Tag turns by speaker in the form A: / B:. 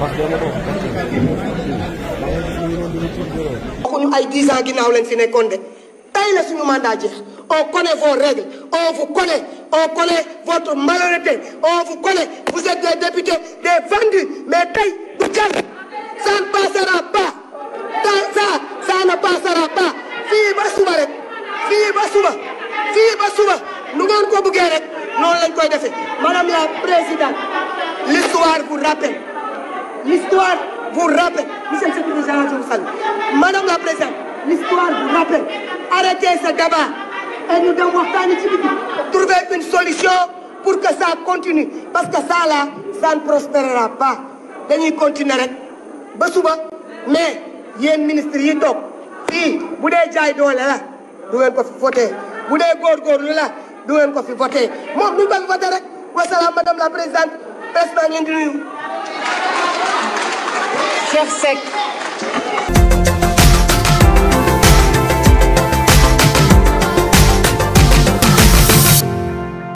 A: waxuñu ay dix ans ginnaaw fi nekkoon de tey suñu mandat jeex on connaît vos règles on vous connaît on connaît votre malhonnêteté on vous connaît vous êtes des députés des mais tey du jàll ça ne passera pas ça ça ne passera fii ba suba rek fii ba suba fii ba suba nu ngeen ko bëggee rek noonu lañ koy defee madame la présidente bu vous rappelle l'histoire vous rappelle monsieur le secrétaire général Aliou Sall madame la présidente l'histoire vous rappelle arrêtez ce débat et dem waxtaani ci biti trouver une solution pour que ça continue parce que ça là ça ne prospérera pas dañuy continuer rek ba suba mais yéen ministres yi toog fii bu dee jaay doole la du ngeen ko fi voté bu dee góorgóorlu la du ngeen ko fi voté moom duñ ko fi voté rek wasalaam madame la présidente presse maa ngi leen di nuyu Cheikh Seck